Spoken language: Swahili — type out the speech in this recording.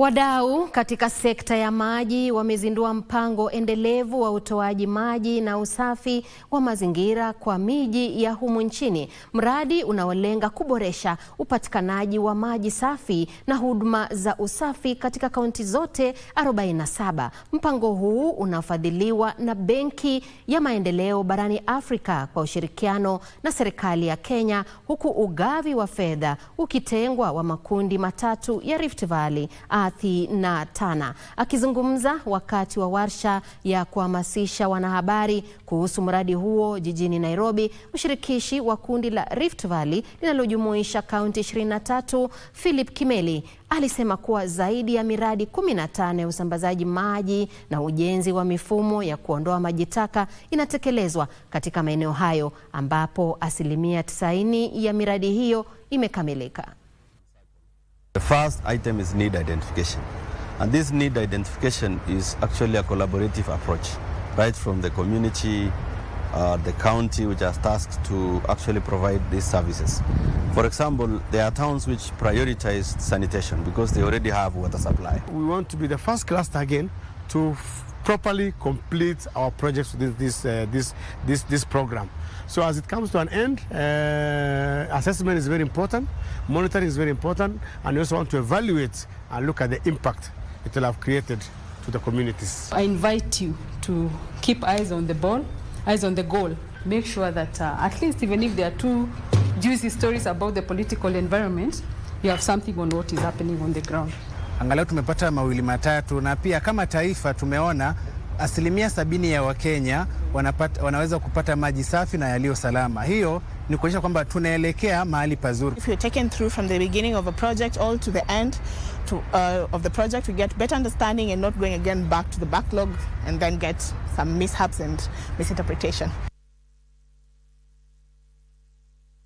Wadau katika sekta ya maji wamezindua mpango endelevu wa utoaji maji na usafi wa mazingira kwa miji ya humu nchini, mradi unaolenga kuboresha upatikanaji wa maji safi na huduma za usafi katika kaunti zote 47. Mpango huu unafadhiliwa na Benki ya Maendeleo barani Afrika kwa ushirikiano na serikali ya Kenya, huku ugavi wa fedha ukitengwa wa makundi matatu ya Rift Valley Athi na Tana. Akizungumza wakati wa warsha ya kuhamasisha wanahabari kuhusu mradi huo jijini Nairobi, mshirikishi wa kundi la Rift Valley linalojumuisha kaunti 23, Philip Kimeli alisema kuwa zaidi ya miradi 15 ya usambazaji maji na ujenzi wa mifumo ya kuondoa maji taka inatekelezwa katika maeneo hayo ambapo asilimia 90 ya miradi hiyo imekamilika. The first item is need identification. And this need identification is actually a collaborative approach, right from the community, uh, the county, which are tasked to actually provide these services. For example, there are towns which prioritize sanitation because they already have water supply. We want to be the first cluster again to properly complete our projects with this, this, uh, this, this, this program. So as it comes to an end, uh, assessment is very important, monitoring is very important, and we also want to evaluate and look at the impact it will have created to the communities. I invite you to keep eyes on the ball, eyes on the goal. Make sure that uh, at least even if there are two juicy stories about the political environment, you have something on what is happening on the ground. Angalau tumepata mawili matatu na pia kama taifa tumeona asilimia sabini ya Wakenya wanapata, wanaweza kupata maji safi na yaliyo salama. Hiyo ni kuonyesha kwamba tunaelekea mahali pazuri. If you're taken through from the beginning of a project all to the end to, uh, of the project we get better understanding and not going again back to the backlog and then get some mishaps and misinterpretation.